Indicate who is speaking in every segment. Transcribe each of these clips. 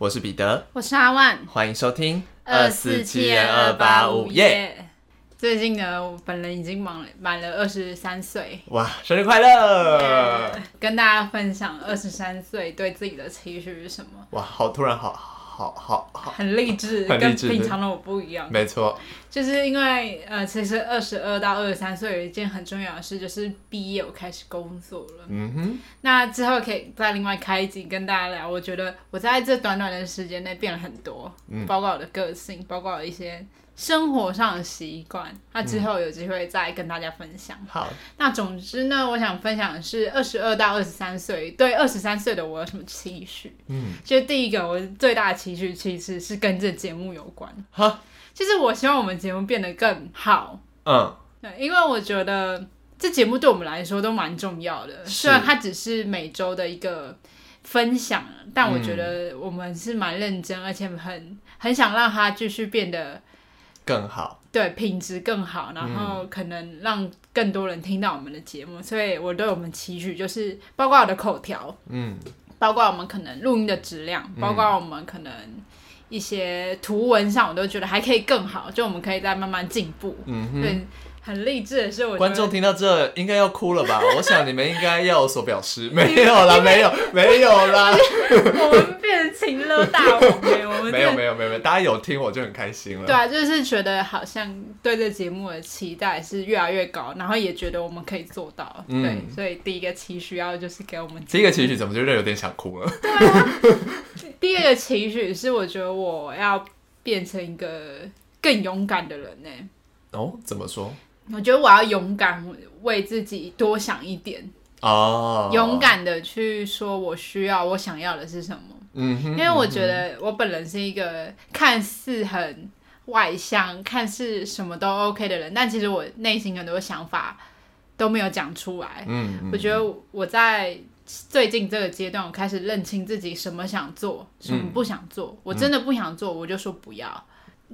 Speaker 1: 我是彼得，
Speaker 2: 我是阿萬，
Speaker 1: 歡迎收聽二四七二八五耶，
Speaker 2: 最近呢，我本人已經滿了滿了二十三歲，
Speaker 1: 哇，生日快樂！嗯，
Speaker 2: 跟大家分享二十三歲對自己的期許是什麼？
Speaker 1: 哇，好突然，好。好好好，
Speaker 2: 很勵志，很勵志，跟平常的我不一樣。沒錯，就是因為呃，其實二十二到二十三歲有一件很重要的事，就是畢業，我開始工作了。嗯
Speaker 3: 哼，
Speaker 2: 那之後可以再另外開一集跟大家聊。我覺得我在這短短的時間內變了很多，嗯，包括我的個性，包括一些。生活上的習慣，那之後有機會再跟大家分享。嗯、好，那總之呢，我想分享的是二十二到二十三歲，對二十三歲的我有什麼期許？嗯，就第一個，我最大的期許其實是跟這節目有關。好哈，其實我希望我們節目變得更好。嗯，對，因為我覺得這節目對我們來說都蠻重要的，是雖然它只是每周的一個分享，但我覺得我們是蠻認真，嗯、而且很很想讓它繼續變得。更好，對品質更好，然後可能讓更多人聽到我們的節目，嗯、所以我對我們期許就是，包括我的口條，嗯，包括我們可能錄音的質量，嗯、包括我們可能一些圖文上，我都覺得還可以更好，就我們可以再慢慢進步，嗯哼，很勵志，是我覺得觀眾
Speaker 1: 聽到這應該要哭了吧？ 我想你們應該要有所表示，沒有啦，沒有， 沒有啦。我們
Speaker 2: 變情歌大王了，欸，
Speaker 1: 我們 沒有，沒有，沒有，沒有，大家有聽我就很開心了。對啊，
Speaker 2: 就是覺得好像對這節目的期待是越來越高，然後也覺得我們可以做到。嗯，對，所以第一個期許，要就是給我們第
Speaker 1: 一個期許怎麼覺得有點想哭了？
Speaker 2: 對啊。 第二個期許是我覺得我要變成一個更勇敢的人呢，欸。
Speaker 1: 哦，怎麼說？
Speaker 2: 我覺得我要勇敢為自己多想一點
Speaker 1: ，oh. 勇
Speaker 2: 敢的去說我需要我想要的是什麼。
Speaker 1: 因為我
Speaker 2: 覺得我本人是一個看似很外向，看似什麼都 OK 的人，但其實我內心很多想法都沒有講出來。 我覺得我在最近這個階段，我開始認清自己什麼想做，什麼不想做。 我真的不想做，我就說不要。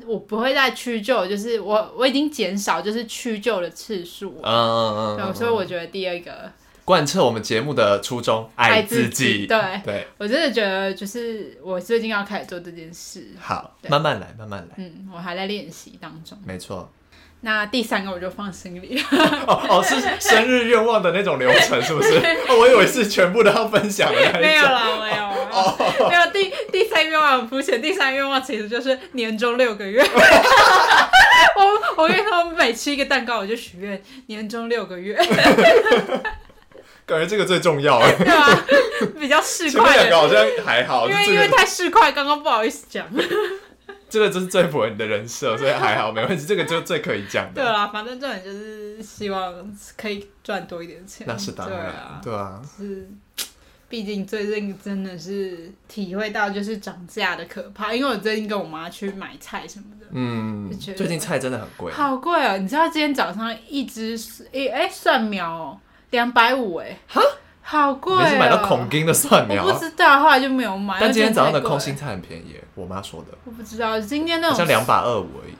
Speaker 2: 我不會再屈就，就是我我已經減少就是屈就的次數，
Speaker 1: 嗯嗯嗯，所以我
Speaker 2: 覺得第二個
Speaker 1: 貫徹我們節目的初衷，愛自己，對對，對
Speaker 2: 我真的覺得就是我最近要開始做這件事，好，對慢慢來，慢慢來，嗯，我還在練習當中，沒錯。那第三個我就放心裡。
Speaker 1: 哦哦，是生日願望的那種流程，是不是？我以為是全部都要分享的。沒有了，沒有
Speaker 2: 沒有。第第三個願望很膚淺，第三個願望其實就是年終六個月。我我跟你說，每吃一個蛋糕我就許願，年終六個月。
Speaker 1: 感覺這個最重要。對
Speaker 2: 啊，比較市儈。前面兩個好像
Speaker 1: 還好，因為因為太
Speaker 2: 市儈，剛剛不好意思講。
Speaker 1: 這個就是最符合你的人設，所以還好，沒問題。這個就最可以講的。
Speaker 2: 對啦，反正這種就是希望可以賺多一點錢。那是當然，對啊。對啊就是，畢竟最近真的是體會到就是漲價的可怕，因為我最近跟我媽去買菜什麼的，
Speaker 1: 嗯，最近菜真的很貴，好
Speaker 2: 貴啊、喔！你知道今天早上一只一，哎，蒜苗兩百五哎？欸欸好貴、哦！每次買到孔
Speaker 1: 丁的蒜苗我，我不知
Speaker 2: 道，後來就沒有買。但今天早上的空
Speaker 1: 心菜很便宜，我媽說的。我
Speaker 2: 不知道今天那種好像兩
Speaker 1: 把二五而已，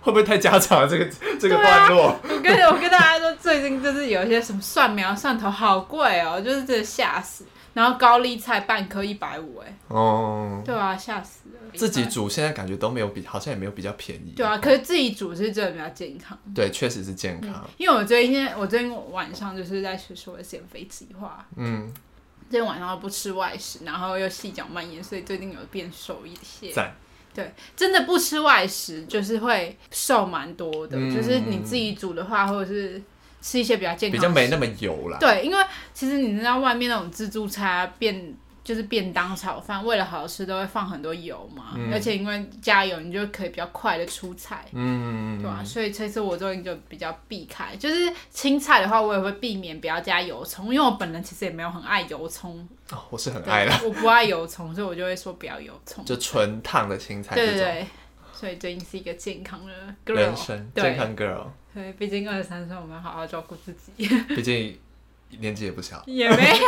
Speaker 1: 會不會太家常了、啊？這個、啊、 這個段落，我
Speaker 2: 跟、我跟大家說，最近就是有一些什麼蒜苗、 蒜頭好貴哦，就是真的嚇死。然後高麗菜半顆一百五，哎哦，對啊，嚇死
Speaker 1: 了。自己煮現在感覺都沒有比，好像也沒有比較便宜。
Speaker 2: 對啊，嗯、可是自己煮是真的比較健康。對，確實
Speaker 1: 是健康，
Speaker 2: 嗯。因為我最近，我最近晚上就是在實施我的減肥計劃。嗯，今天晚上不吃外食，然後又細嚼慢嚥，所以最近有變瘦一些。讚對，真的不吃外食就是會瘦蠻多的，嗯、就是你自己煮的話，或者是。吃一些比較健康的，比較沒那麼
Speaker 1: 油啦。對，
Speaker 2: 因為其實你知道外面那種自助餐便就是便當、炒飯，為了好吃都會放很多油嘛。嗯、而且因為加油，你就可以比較快的出菜，
Speaker 3: 嗯，對吧、
Speaker 2: 啊？所以這次我做就比較避開，就是青菜的話，我也會避免不要加油蔥，因為我本人其實也沒有很愛油蔥。哦，
Speaker 1: 我是很愛的。我不愛
Speaker 2: 油蔥，所以我就會說不要油蔥，就
Speaker 1: 純燙的青菜那種。對，對對。
Speaker 2: 所以最近是一個健康的人生對健康 girl。對，畢竟二十三歲，我們要好好照顧自己。畢
Speaker 1: 竟年紀也不小，也沒有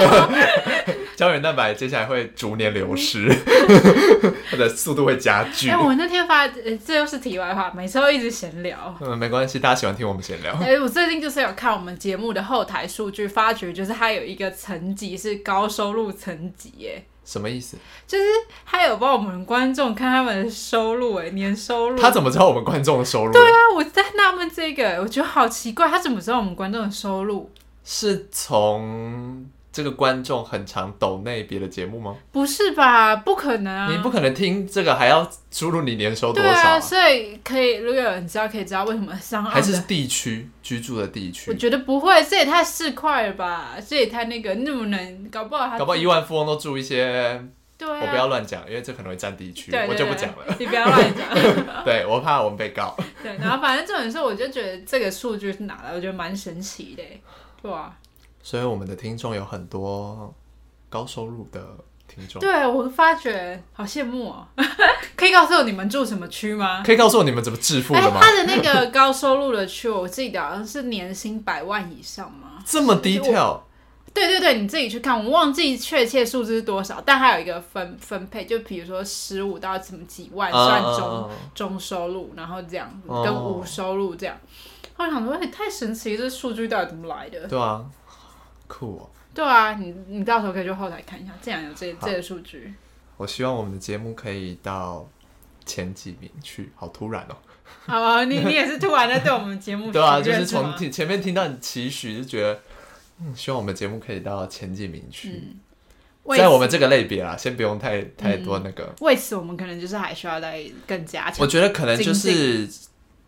Speaker 1: 膠 原蛋白，接下來會逐年流失，它的 速度會加劇。哎，我
Speaker 2: 那天發，這、呃、又是題外話，每次會一直閒聊。
Speaker 1: 嗯，沒關係，大家喜歡聽我們閒聊。
Speaker 2: 哎，我最近就是有看我們節目的後台數據，發覺就是它有一個層級是高收入層級耶，哎。
Speaker 1: 什麼意思？就
Speaker 2: 是還有幫我們觀眾看他們的收入、欸，哎，年
Speaker 1: 收入。他怎麼知道我們觀眾的收入？
Speaker 2: 對啊，我在納悶這個，我覺得好奇怪，他怎麼知道我們觀眾的收入？是
Speaker 1: 從。這個觀眾很常抖內別的節目嗎？
Speaker 2: 不是吧，不可能啊！你不可
Speaker 1: 能聽這個還要輸入你年收多少，啊？對、啊、
Speaker 2: 所以可以如果有人知道可以知道為什麼上害還是，是
Speaker 1: 地區居住的地區？我
Speaker 2: 覺得不會，這也太市儈了吧，這也太那個那麼能，搞不好還搞不好億萬
Speaker 1: 富翁都住一些。
Speaker 2: 啊、我不要亂
Speaker 1: 講，因為這可能會占地區，對對對我就不講了。你
Speaker 2: 不要亂講，
Speaker 1: 對我怕我們被告。
Speaker 2: 對，然後反正這種時候，我就覺得這個數據是哪來的，我覺得蠻神奇的，對啊
Speaker 1: 所以我們的聽眾有很多高收入的聽
Speaker 2: 眾，對，我發覺好羨慕哦、喔。 可以告訴我你們住什麼區嗎？可以告
Speaker 1: 訴我你們怎麼致富的嗎？欸、他的那個
Speaker 2: 高收入的區，我記得好像是年薪百萬以上嗎？
Speaker 1: 這麼低調？
Speaker 2: 對對對，你自己去看，我忘記確切數字是多少。但還有一個分分配，就比如說十五到什麼幾萬算中、嗯、中收入，然後這樣跟無收入這樣。後來、嗯、想說，哎、欸，太神奇，這數據到底怎麼來的？對啊。
Speaker 1: 酷哦，
Speaker 2: Cool 對啊，你你到時候可以去後台看一下，這樣有這好這個數據。
Speaker 1: 我希望我們的節目可以到前幾名去，好突然哦、喔。好啊、oh,，你你也是突
Speaker 2: 然在對我們節目， 對啊，就是從聽
Speaker 1: 前面聽到你期許，就覺得、嗯、希望我們節目可以到前幾名去，在、嗯、我們這個類別啊，先不用太太多那個。嗯、
Speaker 2: 為此，我們可能就是還需要再更加。我覺得可能就是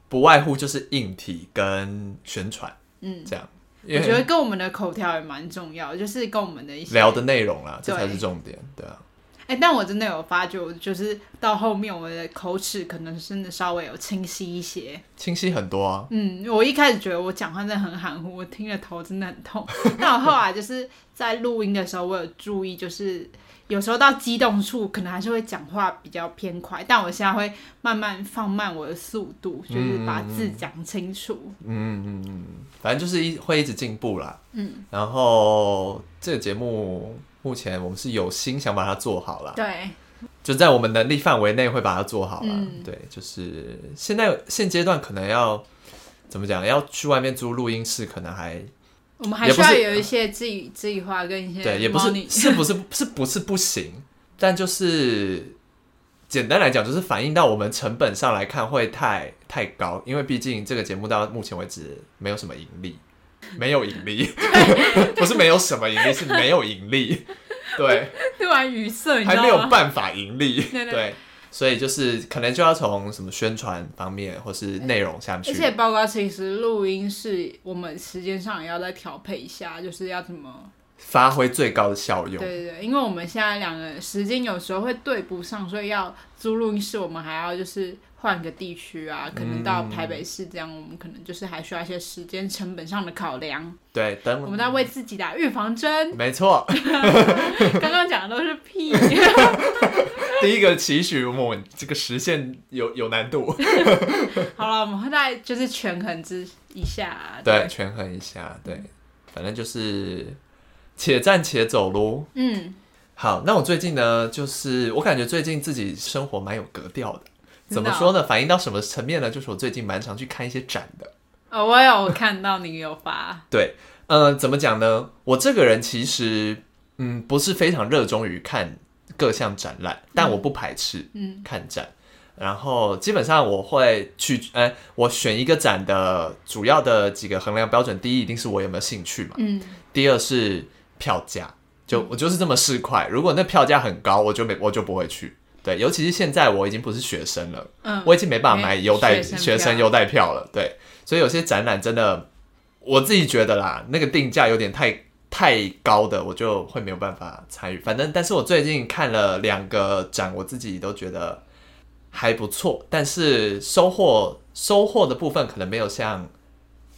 Speaker 1: 不外乎就是硬體跟宣傳，嗯，這樣。嗯我覺得跟我
Speaker 2: 們的口條也蠻重要，yeah, 就是跟我們的一些聊的
Speaker 1: 內容啊，這才是重點，對，
Speaker 2: 對啊。哎、欸，但我真的有發覺，就是到後面我的口齒可能真的稍微有清晰一些，
Speaker 1: 清晰很多啊。
Speaker 2: 嗯，我一開始覺得我講話真的很含糊，我聽的頭真的很痛。 但我後來就是在錄音的時候，我有注意，就是。有時候到激動處，可能還是會講話比較偏快，但我現在會慢慢放慢我的速度，就是把字講清楚。嗯嗯嗯，
Speaker 1: 反正就是會一直進步啦。嗯，然後這個節目目前我們是有心想把它做好了，
Speaker 3: 對，
Speaker 1: 就在我們能力範圍內會把它做好了。嗯、對，就是現在現階段可能要怎麼講，要去外面租錄音室，可能還。我們還需要有一
Speaker 2: 些自己、嗯、自己花跟一些對，也不是，是不
Speaker 1: 是是不是不行？但就是簡單來講，就是反映到我們成本上來看會太太高，因為畢竟這個節目到目前為止沒有什麼盈利，沒有盈利， 不是沒有什麼盈利，是沒有盈利，對，
Speaker 2: 玩余 還沒有辦
Speaker 1: 法盈利， 對。 所以就是可能就要從什麼宣傳方面，或是內容下面去，而且
Speaker 2: 包括其實錄音室，我們時間上也要再調配一下，就是要怎麼
Speaker 1: 發揮最高的效用。對，對
Speaker 2: 對，因為我們現在兩個時間有時候會對不上，所以要租錄音室，我們還要就是。換個地區啊，可能到台北市，這樣、嗯，我們可能就是還需要一些時間成本上的考量。
Speaker 1: 對，等我們在
Speaker 2: 為自己打預防針。沒錯，剛剛講的都是屁。
Speaker 1: 第一個期許，我們這個實現有有難度。
Speaker 2: 好了，我們再就是權衡之一下。對，對，
Speaker 1: 權衡一下，對，反正就是且戰且走嘍。嗯，好，那我最近呢，就是我感覺最近自己生活蠻有格調的。怎麼說呢？反映到什麼層面呢？就是我最近蠻常去看一些展的。
Speaker 2: 哦，我有看到你有發。
Speaker 1: 對，嗯、呃，怎麼講呢？我這個人其實，嗯，不是非常熱衷於看各項展覽，但我不排斥嗯，嗯，看展。然後基本上我會去，哎、欸，我選一個展的主要的幾個衡量標準，第一一定是我有沒有興趣嘛？嗯。第二是票價，就我就是這麼市儈。如果那票價很高，我就沒，我就不會去。對，尤其是現在我已經不是學生了，嗯，我已經沒辦法買優待學，學生優待票了。對，所以有些展覽真的，我自己覺得啦，那個定價有點太太高的，我就會沒有辦法參與。反正，但是我最近看了兩個展，我自己都覺得還不錯，但是收穫收穫的部分可能沒有像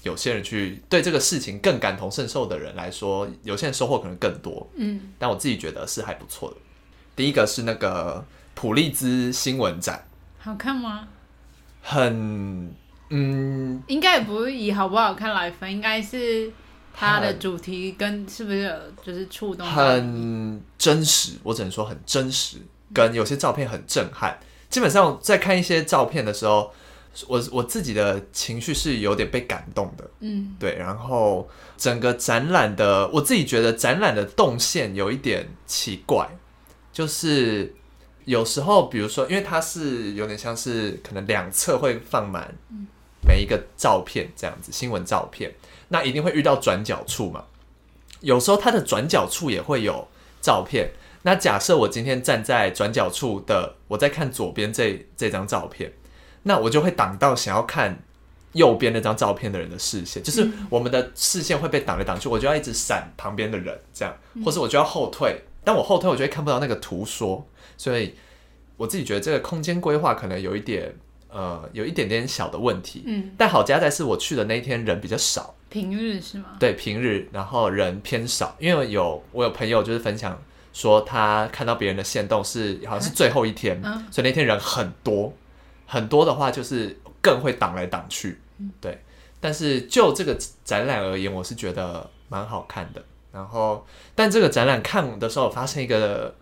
Speaker 1: 有些人去對這個事情更感同身受的人來說，有些人收穫可能更多。嗯，但我自己覺得是還不錯的。第一個是那個。普利茲新聞展好看嗎？很嗯，
Speaker 2: 應該也不是以好不好看來分，應該是它的主題跟是不是有就是觸動很
Speaker 1: 真實。我只能說很真實，嗯、跟有些照片很震撼。基本上在看一些照片的時候，我我自己的情緒是有點被感動的。嗯，對。然後整個展覽的，我自己覺得展覽的動線有一點奇怪，就是。有時候，比如說，因為它是有點像是可能兩側會放滿每一個照片這樣子，新聞照片，那一定會遇到轉角處嘛。有時候它的轉角處也會有照片。那假設我今天站在轉角處的，我在看左邊這這張照片，那我就會擋到想要看右邊那張照片的人的視線，就是我們的視線會被擋來擋去，我就要一直閃旁邊的人，這樣，或是我就要後退，但我後退，我就會看不到那個圖說。所以我自己覺得這個空間規劃可能有一點，呃，有一點點小的問題。嗯，但好佳在是我去的那一天人比較少，
Speaker 2: 平日是嗎？
Speaker 1: 對，平日，然後人偏少，因為有我有朋友就是分享說，他看到別人的限動是好像是最後一天，啊啊、所以那天人很多很多的話，就是更會擋來擋去。對，嗯、但是就這個展覽而言，我是覺得蠻好看的。然後，但這個展覽看的時候發生一個。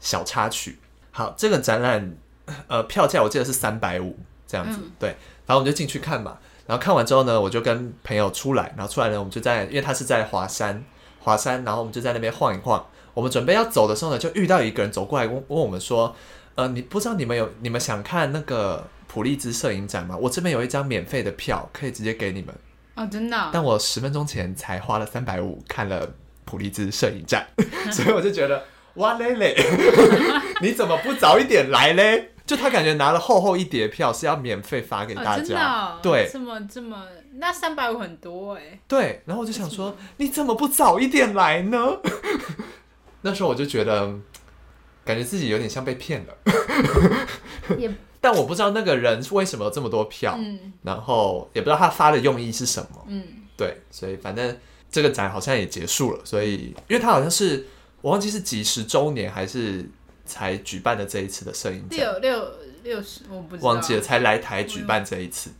Speaker 1: 小插曲，好，這個展覽，呃，票價我記得是三百五這樣子，嗯、對。然後我們就進去看嘛，然後看完之後呢，我就跟朋友出來。然後出來呢，我們就在，因為他是在華山，華山，然後我們就在那邊晃一晃。我們準備要走的時候呢，就遇到一個人走過來問，問我們說：“呃，你不知道你們有你們想看那個普利茲攝影展嗎？我這邊有一張免費的票，可以直接給你們啊、
Speaker 2: 哦，真的、哦。但
Speaker 1: 我十分鐘前才花了三百五看了普利茲攝影展， 所以我就覺得。”哇嘞嘞，你怎麼不早一點來嘞？就他感覺拿了厚厚一疊票是要免費發給大家，對，這
Speaker 2: 麼這麼，那三百五很多哎。
Speaker 1: 對，然後我就想說，你怎麼不早一點來呢？ 那時候我就覺得，感覺自己有點像被騙了。也，但我不知道那個人為什麼這麼多票，然後也不知道他發的用意是什麼。嗯，對，所以反正這個展好像也結束了，所以因為他好像是。我忘記是幾十週年還是才舉辦的這一次的攝影展，六六
Speaker 2: 六十，我不知道忘記了才
Speaker 1: 來台舉辦這一次。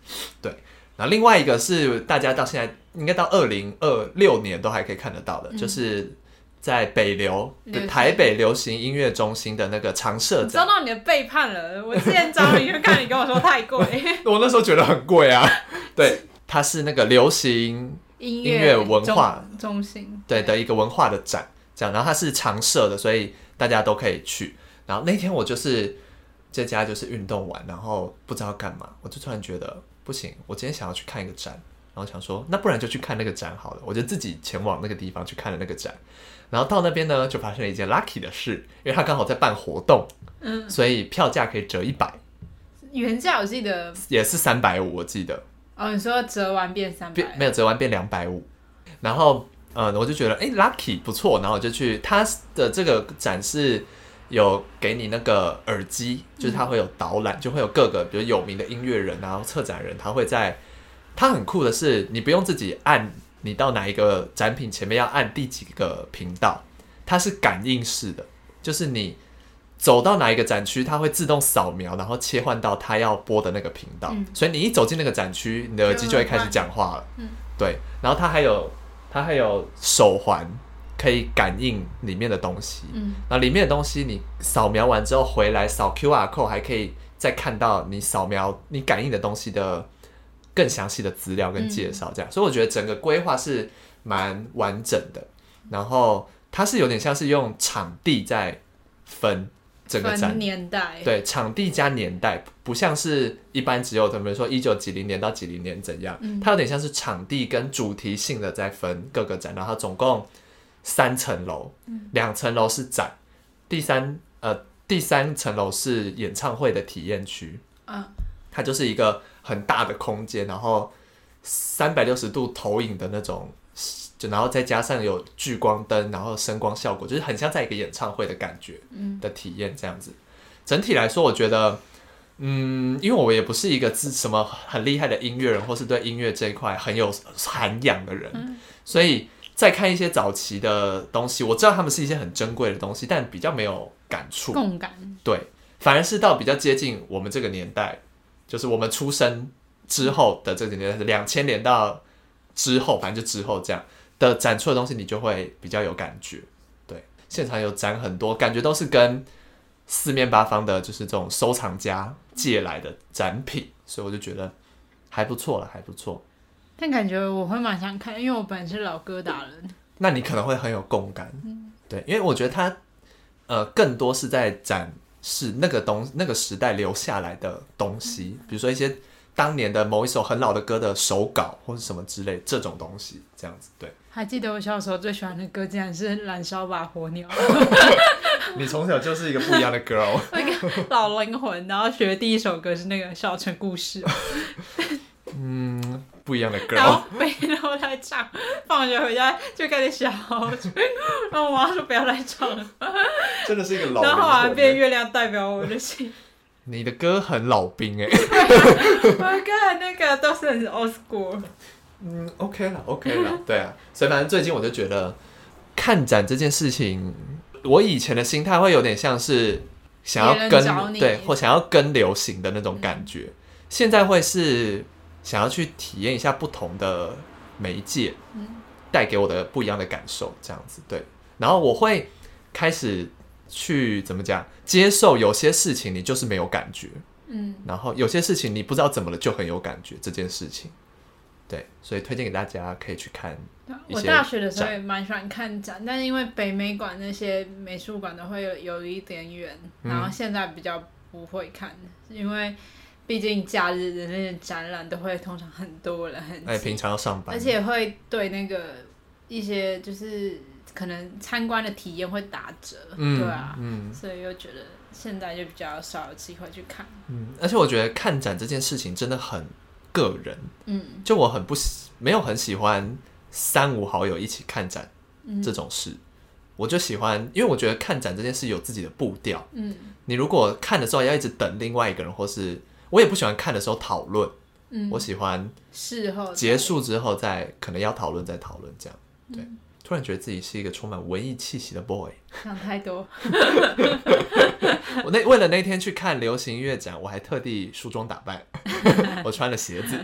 Speaker 1: 對，然後，另外一個是大家到現在應該到二零二六年都還可以看得到的，嗯、就是在北流的行台北流行音樂中心的那個常設展。遭
Speaker 2: 到你的背叛了！我之前找你去看 你
Speaker 1: 跟我說太貴， 我那時候覺得很貴啊。對，它是那個流行
Speaker 2: 音樂文化樂中，中心，對，對
Speaker 1: 的一個文化的展。然後它是常設的，所以大家都可以去。然後那天我就是在家，就是運動完，然後不知道幹嘛，我就突然覺得不行，我今天想要去看一個展，然後想說，那不然就去看那個展好了，我就自己前往那個地方去看了那個展。然後到那邊呢，就發生了一件 lucky 的事，因為他剛好在辦活動，嗯，所以票價可以折一百，
Speaker 2: 原價我記得
Speaker 1: 也是三百五，我記得。
Speaker 2: 哦，你說折完變三
Speaker 1: 百，沒有折完變兩百五，然後。嗯，我就覺得哎，欸，Lucky 不錯，然後我就去他的這個展示有給你那個耳機，嗯，就是它會有導覽，就會有各個比如有名的音樂人，然後策展人，他會在。他很酷的是，你不用自己按，你到哪一個展品前面要按第幾個頻道，它是感應式的，就是你走到哪一個展區，它會自動掃描，然後切換到它要播的那個頻道。嗯，所以你一走進那個展區，你的耳機就會開始講話了。嗯。對，然後它還有。它還有手環，可以感應裡面的東西。嗯，那裡面的東西你掃描完之後回來掃 QR code，還可以再看到你掃描、你感應的東西的更詳細的資料跟介紹。這樣，嗯，所以我覺得整個規劃是蠻完整的。然後它是有點像是用場地在分。整個展
Speaker 2: 年代對
Speaker 1: 場地加年代，不像是一般只有，比如說一九幾零年到幾零年怎樣，嗯、它有點像是場地跟主題性的在分各個展。然後它總共三層樓，兩層樓是展，嗯呃，第三呃第三層樓是演唱會的體驗區。嗯、啊，它就是一個很大的空間，然後三百六十度投影的那種。就然後再加上有聚光燈，然後聲光效果，就是很像在一個演唱會的感覺、嗯、的體驗這樣子。整體來說，我覺得，嗯，因為我也不是一個是什麼很厲害的音樂人，或是對音樂這一塊很有涵養的人，嗯、所以在看一些早期的東西，我知道他們是一些很珍貴的東西，但比較沒有感觸共感。對。反而是到比較接近我們這個年代，就是我們出生之後的這幾年，是兩千年到之後，反正就之後這樣。的展出的東西，你就會比較有感覺。對，現場有展很多，感覺都是跟四面八方的，就是這種收藏家借來的展品，所以我就覺得還不錯了，還不錯。
Speaker 2: 但感覺我會蠻想看，因為我本來是老歌達人，
Speaker 1: 那你可能會很有共感。嗯，對，因為我覺得他呃，更多是在展示那個東那個時代留下來的東西，比如說一些當年的某一首很老的歌的手稿，或者什麼之類這種東西，這樣子對。
Speaker 2: 還記得我小時候最喜歡的歌，竟然是燃燒《燃燒吧火鳥》 。
Speaker 1: 你從小就是一個不一樣的 girl。 那個
Speaker 2: 老靈魂，然後學第一首歌是那個《小城故事》
Speaker 1: 嗯，不一樣的 girl。然後
Speaker 2: 背，然後來唱，放學回家就開始學好 然後我媽說不要來唱了。
Speaker 1: 真的是一個老。然後後來變
Speaker 2: 《月亮代表我的心》。
Speaker 1: 你的歌很老兵哎、欸。
Speaker 2: 我靠，那個都是 old school。
Speaker 1: 嗯，OK 了，OK 了，對啊，所以反正最近我就覺得看展這件事情，我以前的心態會有點像是想要跟對或想要跟流行的那種感覺，嗯、現在會是想要去體驗一下不同的媒介，帶、嗯、給我的不一樣的感受，這樣子對，然後我會開始去怎麼講，接受有些事情你就是沒有感覺，嗯，然後有些事情你不知道怎麼了就很有感覺這件事情。對，所以推薦給大家可以去看。我大學的時候也
Speaker 2: 蠻喜歡看展，但是因為北美館那些美術館都會有有一點遠，然後現在比較不會看，嗯、因為畢竟假日的那些展覽都會通常很多人很，欸。
Speaker 1: 平常要上班。而且
Speaker 2: 會對那個一些就是可能參觀的體驗會打折，嗯、對啊，嗯、所以又覺得現在就比較少有機會去看。嗯，
Speaker 1: 而且我覺得看展這件事情真的很。個人，嗯，就我很不喜，沒有很喜歡三五好友一起看展，嗯，這種事，嗯、我就喜歡，因為我覺得看展這件事有自己的步調，嗯，你如果看的時候要一直等另外一個人，或是我也不喜歡看的時候討論，嗯，我喜歡
Speaker 2: 事後結
Speaker 1: 束之後再、嗯、後可能要討論再討論這樣，對，突然覺得自己是一個充滿文藝氣息的 boy，
Speaker 2: 想太多。
Speaker 1: 我那為了那天去看流行音樂展，我還特地梳妝打扮， 我穿了鞋子。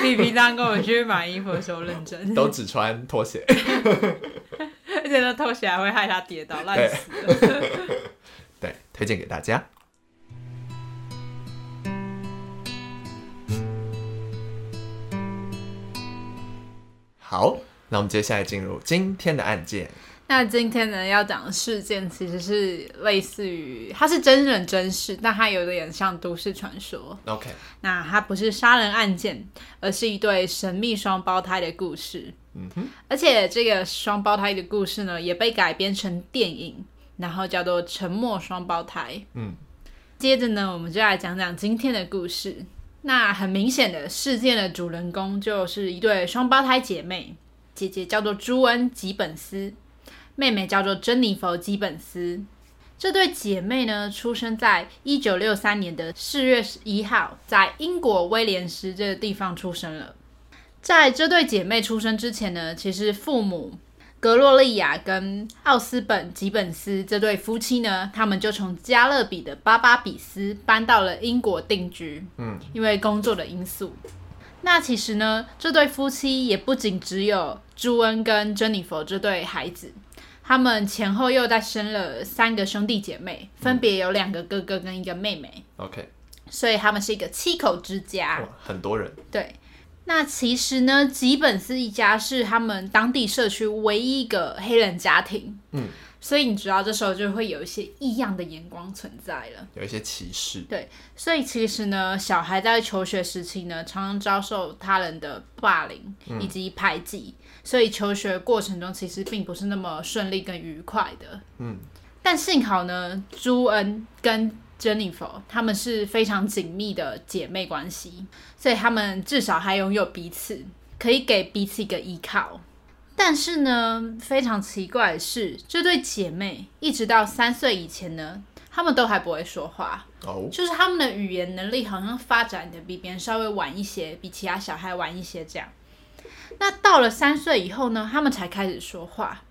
Speaker 1: 比平常
Speaker 2: 跟我去買衣服的時候認真，都只
Speaker 1: 穿拖鞋，
Speaker 2: 而且那拖鞋還會害他跌倒，爛死
Speaker 1: 對。 對，推薦給大家。好，那我們接下來進入今天的案件。
Speaker 2: 那今天呢要講的事件其實是類似於它是真人真事，但它有點像都市傳說。OK，那它不是殺人案件，而是一對神秘雙胞胎的故事。嗯哼，而且這個雙胞胎的故事呢也被改編成電影，然後叫做《沉默雙胞胎》。嗯，接着呢我們就來講講今天的故事。那很明顯的事件的主人公就是一對雙胞胎姐妹，姐姐叫做朱恩·吉本斯。妹妹叫做 Jennifer· 吉本斯。這對姐妹呢，出生在1963年的四月11號，在英國威廉斯這個地方出生了。在這對姐妹出生之前呢，其實父母格洛利亞跟奧斯本吉本斯這對夫妻呢，他們就從加勒比的巴巴比斯搬到了英國定居。嗯，因為工作的因素。那其實呢，這對夫妻也不僅只有朱恩跟 Jennifer 這對孩子。他們前後又再生了三個兄弟姐妹，分別有兩個哥哥跟一個妹妹。嗯、OK，所以他們是一個七口之家，
Speaker 1: 很多人。
Speaker 2: 對，那其實呢，吉本斯一家是他們當地社區唯一一個黑人家庭。嗯。所以你知道，這時候就會有一些異樣的眼光存在了，
Speaker 1: 有一些歧視。
Speaker 2: 對，所以其實呢，小孩在求學時期呢，常常遭受他人的霸凌以及排擠。嗯，所以求學過程中其實並不是那麼順利跟愉快的。嗯，但幸好呢，朱恩跟 Jennifer 他們是非常緊密的姐妹關係，所以他們至少還擁有彼此，可以給彼此一個依靠。但是呢，非常奇怪的是，這對姐妹一直到三歲以前呢，他們都還不會說話，就是他們的語言能力好像發展的比別人稍微晚一些，比其他小孩晚一些這樣。那到了三歲以後呢，他們才開始說話。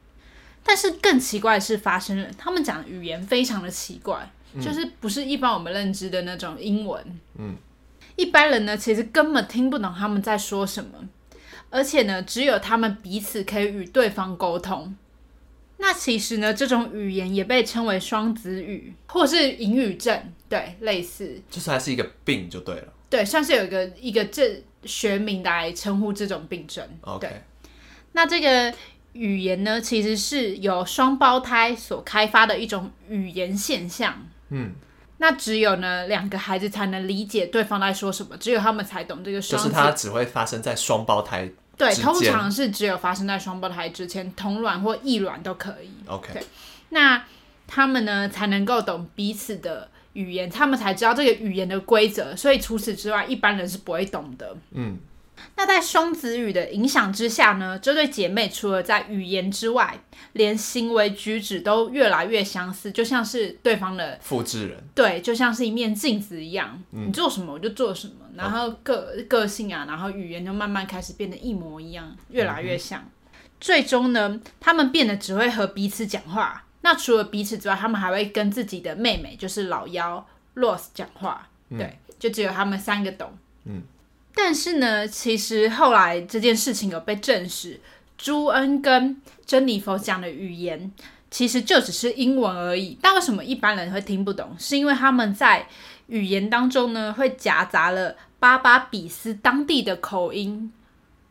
Speaker 2: 但是更奇怪的事發生了，他們講的語言非常的奇怪，就是不是一般我們認知的那種英文，嗯，一般人呢其實根本聽不懂他們在說什麼。而且呢，只有他們彼此可以與對方溝通。那其實呢，這種語言也被稱為雙子語，或是隱語症，對，類似。就
Speaker 1: 是還是一個病就對了。
Speaker 2: 對，像是有一個一個症學名來稱呼這種病症。OK，對，那這個語言呢，其實是由雙胞胎所開發的一種語言現象。嗯。那只有呢，兩個孩子才能理解對方在說什麼，只有他們才懂這個。就是他只
Speaker 1: 會發生在雙胞胎之間。對，通常是
Speaker 2: 只有發生在雙胞胎之前，同卵或異卵都可以。OK，那他們呢才能夠懂彼此的語言，他們才知道這個語言的規則。所以除此之外，一般人是不會懂的。嗯。那在雙子語的影響之下呢，這對姐妹除了在語言之外，連行為舉止都越來越相似，就像是對方的複製人。對，就像是一面鏡子一樣，嗯、你做什麼我就做什麼，然後個 Okay. 個性啊，然後語言就慢慢開始變得一模一樣，越來越像。Okay. 最終呢，他們變得只會和彼此講話。那除了彼此之外，他們還會跟自己的妹妹，就是老幺 Rose 講話。嗯、對，就只有他們三個懂。嗯。但是呢，其實後來這件事情有被證實，朱恩跟珍妮佛講的語言其實就只是英文而已。但為什麼一般人會聽不懂？是因為他們在語言當中呢，會夾雜了巴巴比斯當地的口音。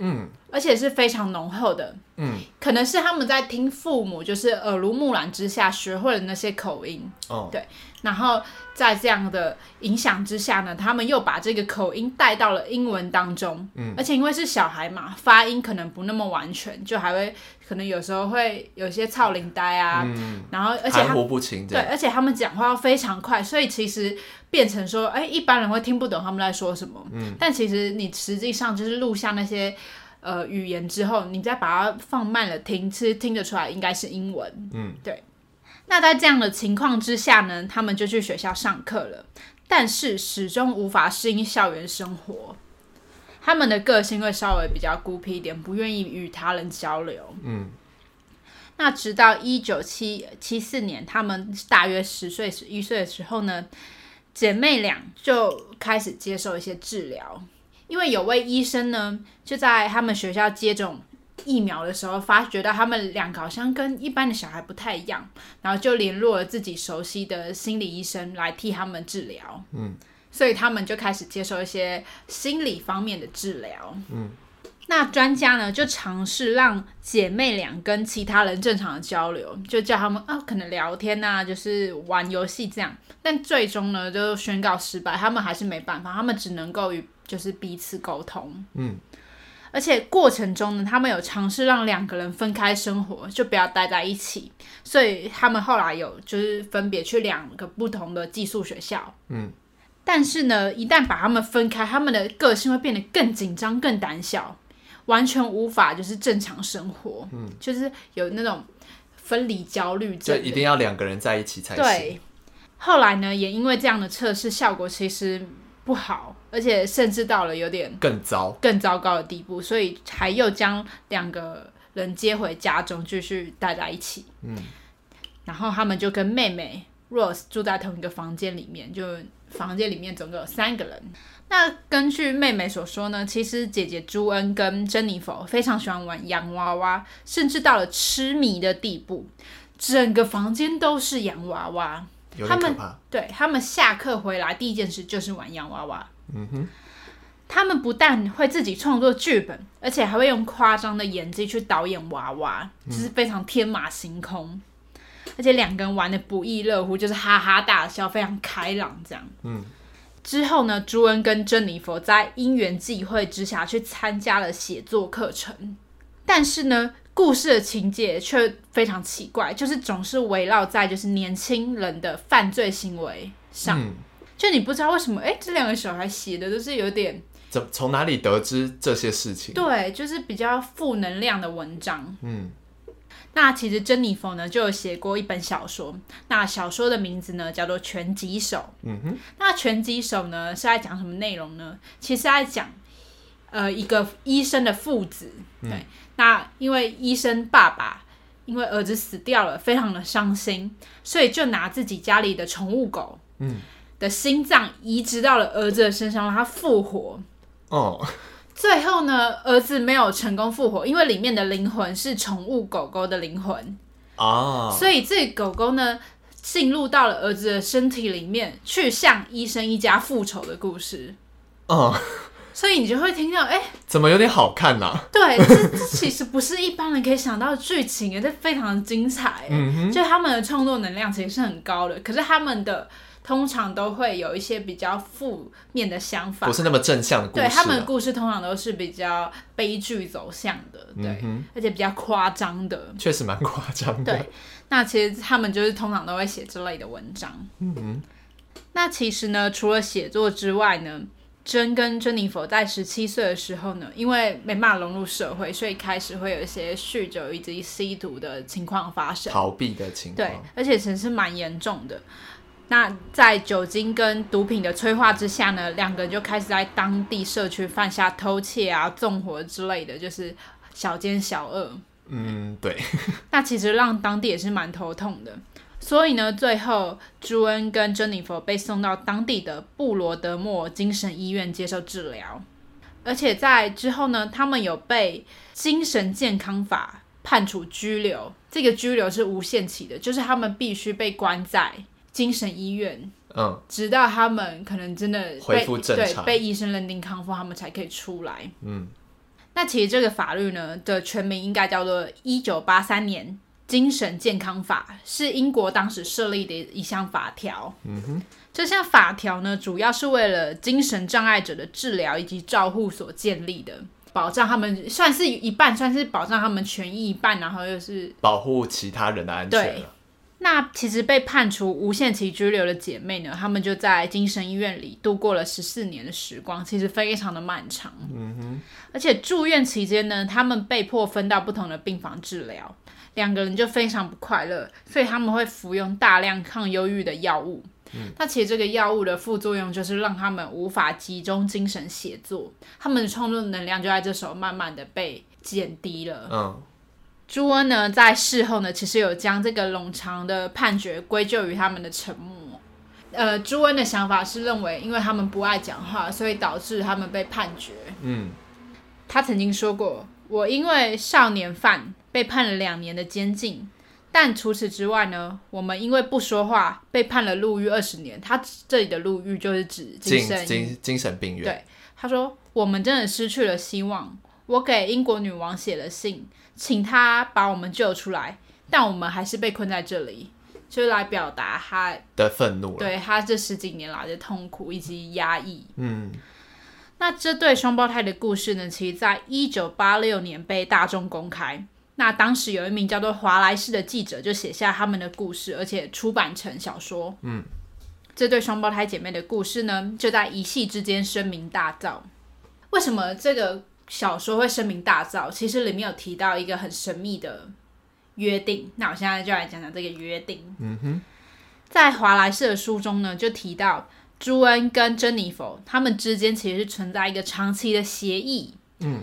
Speaker 2: 嗯。而且是非常濃厚的，嗯，可能是他們在聽父母，就是耳濡目染之下學會了那些口音，哦，對，然後在這樣的影響之下呢，他們又把這個口音帶到了英文當中，嗯，而且因為是小孩嘛，發音可能不那麼完全，就還會可能有時候會有些臭奶呆啊，嗯，然後而且含糊
Speaker 1: 不清，對，對，而且
Speaker 2: 他們講話非常快，所以其實變成說，哎、欸，一般人會聽不懂他們在說什麼，
Speaker 3: 嗯，
Speaker 1: 但
Speaker 2: 其實你實際上就是錄下那些。呃，語言之後，你再把它放慢了聽，其實聽得出來應該是英文。嗯，對。那在這樣的情況之下呢，他們就去學校上課了，但是始終無法適應校園生活。他們的個性會稍微比較孤僻一點，不願意與他人交流。嗯，那直到一九七七四年，他們大約十歲、十一歲的時候呢，姐妹倆就開始接受一些治療。因為有位醫生呢，就在他們學校接種疫苗的時候，發覺到他們兩個好像跟一般的小孩不太一樣，然後就聯絡了自己熟悉的心理醫生來替他們治療。嗯，所以他們就開始接受一些心理方面的治療。嗯，那專家呢就嘗試讓姐妹倆跟其他人正常的交流，就叫他們啊、哦，可能聊天吶、啊，就是玩遊戲這樣。但最終呢，就宣告失敗，他們還是沒辦法，他們只能夠與。就是彼此溝通，嗯，而且過程中呢，他們有嘗試讓兩個人分開生活，就不要待在一起。所以他們後來有就是分別去兩個不同的寄宿學校，嗯。但是呢，一旦把他們分開，他們的個性會變得更緊張、更膽小，完全無法就是正常生活，嗯，就是有那種分離焦慮症，就一定
Speaker 1: 要兩個人在一起才行。
Speaker 2: 後來呢，也因為這樣的測試效果其實不好。而且甚至到了有點
Speaker 1: 更糟、
Speaker 2: 更糟糕的地步，所以才又將兩個人接回家中繼續待在一起。嗯，然後他們就跟妹妹 Rose 住在同一個房間裡面，就房間裡面總共有三個人。那根據妹妹所說呢，其實姐姐朱恩跟 Jennifer 非常喜歡玩洋娃娃，甚至到了痴迷的地步，整個房間都是洋娃娃，有點可怕。他們對他們下課回來第一件事就是玩洋娃娃。嗯哼、他們不但會自己創作劇本，而且還會用誇張的演技去導演娃娃，就是非常天馬行空。嗯、而且兩個人玩得不亦樂乎，就是哈哈大笑，非常開朗這樣。嗯、之後呢，朱恩跟珍妮佛在因緣際會之下去參加了寫作課程，但是呢，故事的情節卻非常奇怪，就是總是圍繞在就是年輕人的犯罪行為
Speaker 3: 上。
Speaker 1: 嗯
Speaker 2: 就你不知道為什麼哎、欸，這兩個小孩寫的都是有點
Speaker 1: 怎從哪裡得知這些事情？
Speaker 2: 對，就是比較負能量的文章。嗯，那其實珍妮佛呢就有寫過一本小說，那小說的名字呢叫做《拳擊手》。嗯哼，那拳手呢《拳擊手》呢是在講什麼內容呢？其實是在講，呃，一個醫生的父子。
Speaker 3: 對，
Speaker 2: 嗯、那因為醫生爸爸因為兒子死掉了，非常的傷心，所以就拿自己家裡的寵物狗，嗯。的心臟移植到了兒子的身上，讓他復活。哦，oh. 最後呢，兒子沒有成功復活，因為裡面的靈魂是寵物狗狗的靈魂
Speaker 1: 哦，oh. 所以
Speaker 2: 這狗狗呢進入到了兒子的身體裡面，去向醫生一家復仇的故事。
Speaker 1: 哦，oh.
Speaker 2: 所以你就會聽到，哎、欸，
Speaker 1: 怎麼有點好看呢、啊
Speaker 2: 對，這這其實不是一般人可以想到的劇情，也是非常的精彩。Mm hmm. 就他們的創作能量其實是很高的，可是他們的。通常都會有一些比較負面的想法，不是那麼
Speaker 1: 正向的故事啊。對，他們的故
Speaker 2: 事通常都是比較悲劇走向的，
Speaker 1: 嗯、哼對，
Speaker 2: 而且比較誇張的。
Speaker 1: 確實蠻誇張的。對，
Speaker 2: 那其實他們就是通常都會寫這類的文章。嗯哼那其實呢，除了寫作之外呢，珍、嗯、哼跟珍妮佛在十七歲的時候呢，因為沒辦法融入社會，所以開始會有一些酗酒以及吸毒的情況發生，逃
Speaker 1: 避的情況。對，
Speaker 2: 而且其實是蠻嚴重的。那在酒精跟毒品的催化之下呢，兩個人就開始在當地社區犯下偷竊啊、縱火之類的，就是小奸小惡。嗯，
Speaker 3: 對。
Speaker 2: 那其實讓當地也是蠻頭痛的，所以呢，最後朱恩跟珍妮佛被送到當地的布羅德莫精神醫院接受治療，而且在之後呢，他們有被精神健康法判處拘留，這個拘留是無限期的，就是他們必須被關在。精神醫院，嗯，直到他們可能真的恢復正常，對，被醫生認定康復，他們才可以出來。
Speaker 3: 嗯，
Speaker 2: 那其實這個法律呢的全名應該叫做《一九八三年精神健康法》，是英國當時設立的一項法條。嗯哼，這項法條呢主要是為了精神障礙者的治療以及照護所建立的，保障他們算是一半，算是保障他們權益一半，然後又是
Speaker 1: 保護其他人的安全。對。
Speaker 2: 那其實被判處無限期拘留的姐妹呢，她們就在精神醫院裡度過了十四年的時光，其實非常的漫長。嗯、哼而且住院期間呢，她們被迫分到不同的病房治療，兩個人就非常不快樂，所以她們會服用大量抗憂鬱的藥物。嗯、那其實這個藥物的副作用就是讓她們無法集中精神寫作，她們的創作能量就在這時候慢慢的被減低了。嗯。朱恩呢，在事後呢，其實有將這個冗長的判決歸咎於他們的沉默。呃，朱恩的想法是認為，因為他們不愛講話，所以導致他們被判決。
Speaker 3: 嗯，
Speaker 2: 他曾經說過：“我因為少年犯被判了兩年的監禁，但除此之外呢，我們因為不說話被判了入獄二十年。”他這裡的入獄就是指精神精
Speaker 1: 精，精神病院。對，
Speaker 2: 他說：“我們真的失去了希望。”我給英國女王寫了信。請他把我們救出來，但我們還是被困在這裡，就是來表達他
Speaker 1: 的憤怒，對
Speaker 2: 他這十幾年來的痛苦以及壓抑。嗯，那這對雙胞胎的故事呢，其實在一九八六年被大眾公開。那當時有一名叫做華萊士的記者就寫下他們的故事，而且出版成小說。
Speaker 3: 嗯，
Speaker 2: 這對雙胞胎姐妹的故事呢，就在一夕之間聲名大噪。為什麼這個小說會聲名大噪，其實裡面有提到一個很神秘的約定。那我現在就來講講這個約定。嗯哼，在華萊士的書中呢，就提到朱恩跟珍妮佛他們之間其實是存在一個長期的協議。
Speaker 3: 嗯，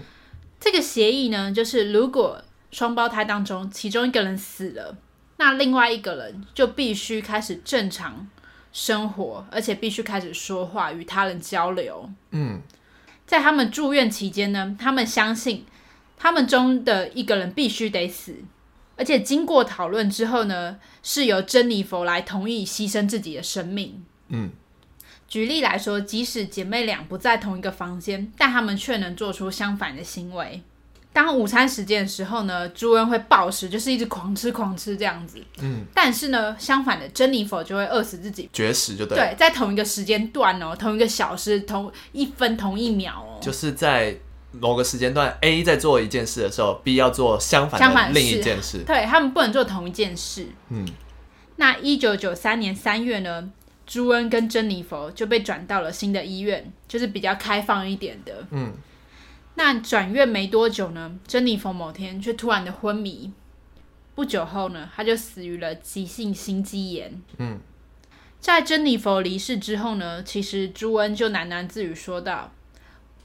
Speaker 2: 這個協議呢，就是如果雙胞胎當中其中一個人死了，那另外一個人就必須開始正常生活，而且必須開始說話與他人交流。嗯在他們住院期間呢，他們相信，他們中的一個人必須得死，而且經過討論之後呢，是由珍妮佛來同意犧牲自己的生命。
Speaker 3: 嗯，
Speaker 2: 舉例來說，即使姐妹倆不在同一個房間，但他們卻能做出相反的行為。當午餐時間的時候呢，朱恩會暴食，就是一直狂吃狂吃這樣子。嗯，但是呢，相反的，珍妮佛就會餓死自己，絕
Speaker 1: 食就對。對，在
Speaker 2: 同一個時間段哦，同一個小時、同一分、同一秒哦，就
Speaker 1: 是在某個時間段，A 在做一件事的時候，B 要做相反的另一件事。對，
Speaker 2: 他們不能做同一件事。嗯，那一九九三年三月呢，朱恩跟珍妮佛就被轉到了新的醫院，就是比較開放一點的。嗯。那轉院沒多久呢，珍妮佛某天卻突然的昏迷，不久後呢，她就死於了急性心肌炎。嗯。在珍妮佛離世之後呢，其實朱恩就喃喃自語說道：“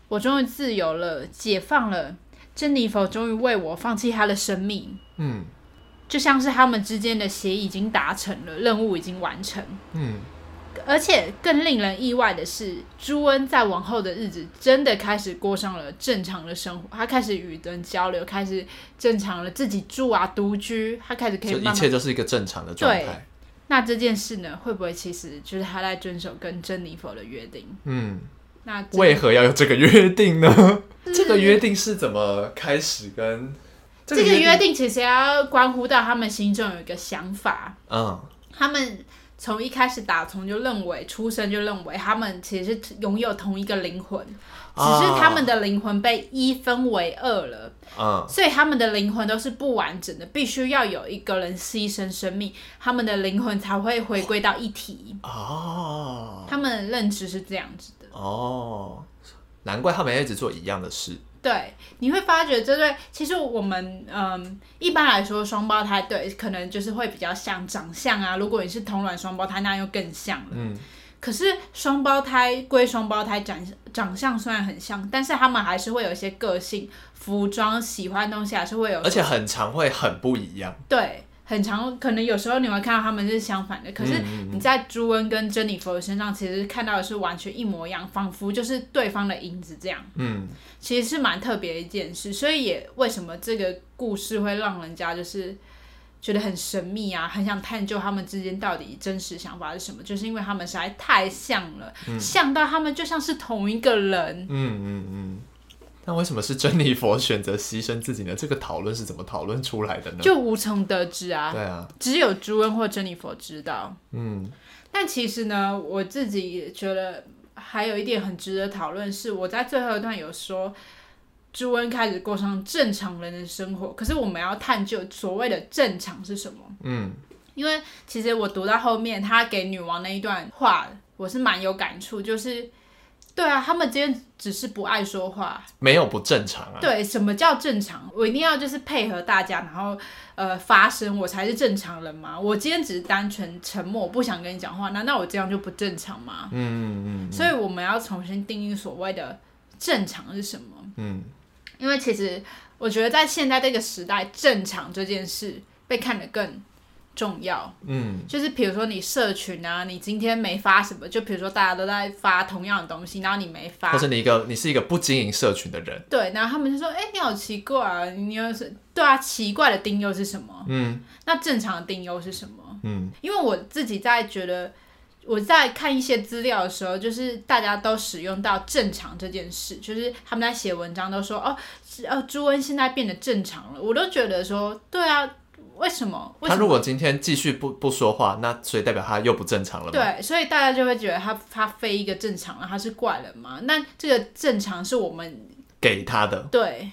Speaker 2: 我終於自由了，解放了。珍妮佛終於為我放棄她的生命。”嗯，就像是他們之間的協議已經達成了，任務已經完成。嗯。而且更令人意外的是，朱恩在往後的日子真的開始過上了正常的生活，他開始與人交流，開始正常了，自己住啊，獨居，他開始可以慢慢，就一切都是一個
Speaker 1: 正常的狀態。
Speaker 2: 那這件事呢，會不會其實就是他在遵守跟珍妮佛的約定？嗯，那這為何要
Speaker 1: 有這個約定呢？ 這個約定是怎麼開始？跟這個約定
Speaker 2: 其實要關乎到他們心中有一個想法，
Speaker 1: 嗯，
Speaker 2: 他們。從一開始打從就認為，出生就認為他們其實擁有同一個靈魂
Speaker 3: ，oh. 只是他們的
Speaker 2: 靈魂被一分為二了，oh. 所以他們的靈魂都是不完整的，必須要有一個人犧牲生命，他們的靈魂才會回歸到一體。哦
Speaker 1: ，oh. 他
Speaker 2: 們的認知是這樣子
Speaker 1: 的。哦，oh. 難怪他們要一直做一樣的事。
Speaker 2: 對，你會發覺這對其實我們嗯，一般來說雙胞胎對，可能就是會比較像長相啊。如果你是同卵雙胞胎，那又更像了。嗯，可是雙胞胎歸雙胞胎，長長相雖然很像，但是他們還是會有一些個性、服裝、喜歡的東西，還是會有，而且
Speaker 1: 很常會很不一樣。
Speaker 2: 對。很常，可能有時候你會看到他們是相反的，可
Speaker 1: 是你在
Speaker 2: 朱恩跟珍妮佛身上、嗯嗯、其實看到的是完全一模一樣，仿佛就是對方的影子這樣。嗯，其實是蠻特別的一件事，所以也為什麼這個故事會讓人家就是覺得很神秘啊，很想探究他們之間到底真實想法是什麼，就是因為他們實在太像了，嗯、像到他們就像是同一個人。嗯嗯嗯。
Speaker 1: 嗯嗯那為什麼是珍妮佛選擇犧牲自己呢？這個討論是怎麼討論出來的呢？就無
Speaker 2: 從得知啊。對啊，只有朱恩或珍妮佛知道。
Speaker 1: 嗯，
Speaker 2: 但其實呢，我自己覺得還有一點很值得討論是，我在最後一段有說朱恩開始過上正常人的生活，可是我們要探究所謂的正常是什麼。嗯，因為其實我讀到後面他給女王那一段話，我是蠻有感觸，就是。對啊，他們今天只是不愛說話，
Speaker 1: 沒有不正常啊。對，
Speaker 2: 什麼叫正常？我一定要就是配合大家，然後呃發聲，我才是正常人嘛。我今天只是單純沉默，我不想跟你講話，難道我這樣就不正常嗎？嗯嗯嗯。嗯嗯，所以我們要重新定義所謂的正常是什麼。嗯，因為其實我覺得在現在這個時代，正常這件事被看得更重要，嗯，就是比如說你社群啊，你今天沒發什麼，就比如說大家都在發同樣的東西，然後你沒發，或是
Speaker 1: 你一個你是一個不經營社群的人，
Speaker 2: 對，然後他們就說，哎、欸，你好奇怪啊，你又是對啊，奇怪的定義又是什麼？嗯，那正常的定義又是什麼？
Speaker 3: 嗯，
Speaker 2: 因為我自己在覺得，我在看一些資料的時候，就是大家都使用到正常這件事，就是他們在寫文章都說，哦，呃、啊，朱恩現在變得正常了，我都覺得說，對啊。為什麼？為什麼他如果
Speaker 1: 今天繼續不不說話，那所以代表他又不正常了。對，
Speaker 2: 所以大家就會覺得他他非一個正常了，他是怪人嘛？那這個正常是我們
Speaker 1: 給他的。
Speaker 2: 對，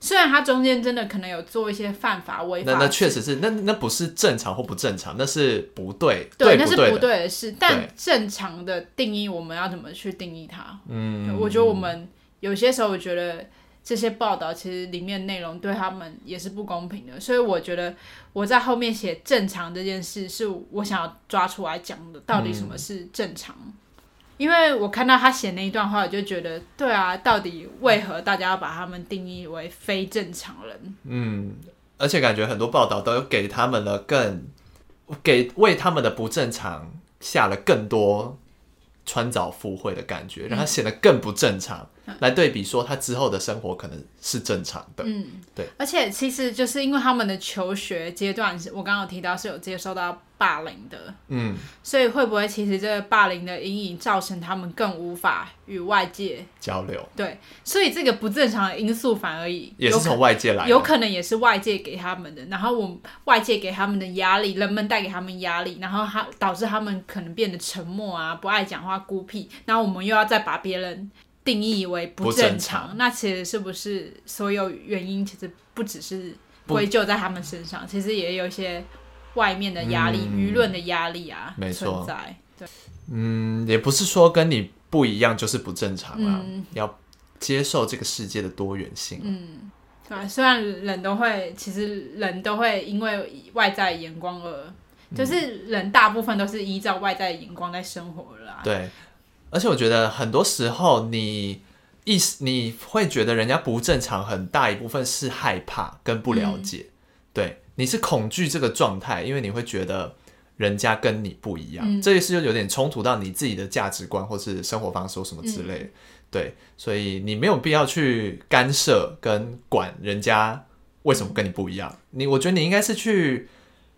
Speaker 2: 雖然他中間真的可能有做一些犯法違法那，那那確
Speaker 1: 實是，那那不是正常或不正常，那是不對，對，對對那是不對
Speaker 2: 的事。但正常的定義，我們要怎麼去定義它？嗯
Speaker 1: ，okay,
Speaker 3: 我覺得
Speaker 2: 我們有些時候，我覺得。這些報道其實裡面內容對他們也是不公平的，所以我覺得我在後面寫“正常”這件事是我想要抓出來講的，到底什麼是正常？嗯，因為我看到他寫那一段話，我就覺得，對啊，到底為何大家要把他們定義為非正常人？
Speaker 1: 嗯，而且感覺很多報道都有給他們的更給為他們的不正常下了更多穿鑿附會的感覺，讓他顯得更不正常。嗯來對比說，他之後的生活可能是正常的。嗯，對。
Speaker 2: 而且其實就是因為他們的求學階段，我剛剛有提到是有接受到霸凌的。嗯，所以會不會其實這個霸凌的陰影造成他們更無法與外界交流？對，所以這個不正常的因素反而也是從外界來的，有可能也是外界給他們的。然後我們外界給他們的壓力，人們帶給他們壓力，然後他導致他們可能變得沉默啊，不愛講話，孤僻。然後我們又要再把別人定義為不正常，正常那其實是不是所有原因其實不只是歸咎在他們身上，不其實也有一些外面的壓力、輿論、嗯、的壓力啊，沒錯存在。對，
Speaker 1: 嗯，也不是說跟你不一樣就是不正常啊，嗯、要接受這個世界的多元性。
Speaker 2: 嗯，啊，雖然人都會，其實人都會因為外在的眼光而，嗯、就是人大部分都是依照外在的眼光在生活了啦
Speaker 1: 對。而且我覺得很多時候，你意思你會覺得人家不正常，很大一部分是害怕跟不了解，嗯、對，你是恐懼這個狀態，因為你會覺得人家跟你不一樣，嗯、這也是有點衝突到你自己的價值觀或是生活方式什麼之類的，嗯、對，所以你沒有必要去干涉跟管人家為什麼跟你不一樣，嗯、你我覺得你應該是去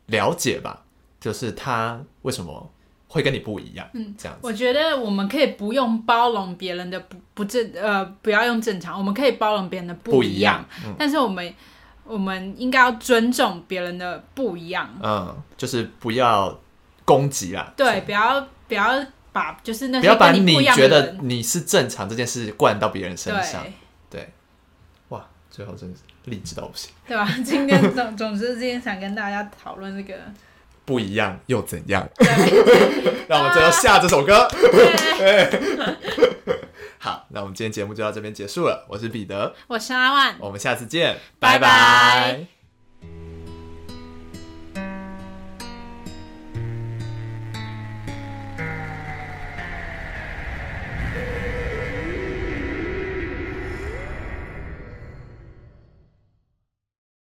Speaker 1: 了解吧，就是他為什麼。會跟你不一樣，樣嗯，這樣我覺
Speaker 2: 得我們可以不用包容別人的不不正，呃，不要用正常，我們可以包容別人的不一樣，一樣嗯，但是我們我們應該要尊重別人的不一樣，
Speaker 1: 嗯，就是不要攻擊啊，
Speaker 2: 對，不要以，就是，不要把就是那不要把你覺得
Speaker 1: 你是正常這件事灌到別人身上，對，對，哇，最後真的是勵志到不行，對吧，
Speaker 2: 啊？今天總 總之今天想跟大家討論這個。
Speaker 1: 不一樣又怎樣？
Speaker 2: 那 我們就要下這首歌。
Speaker 1: 對 好，那我們今天節目就到這邊結束了。我是彼得，
Speaker 2: 我是阿萬，
Speaker 1: 我們下次見，拜拜。拜拜。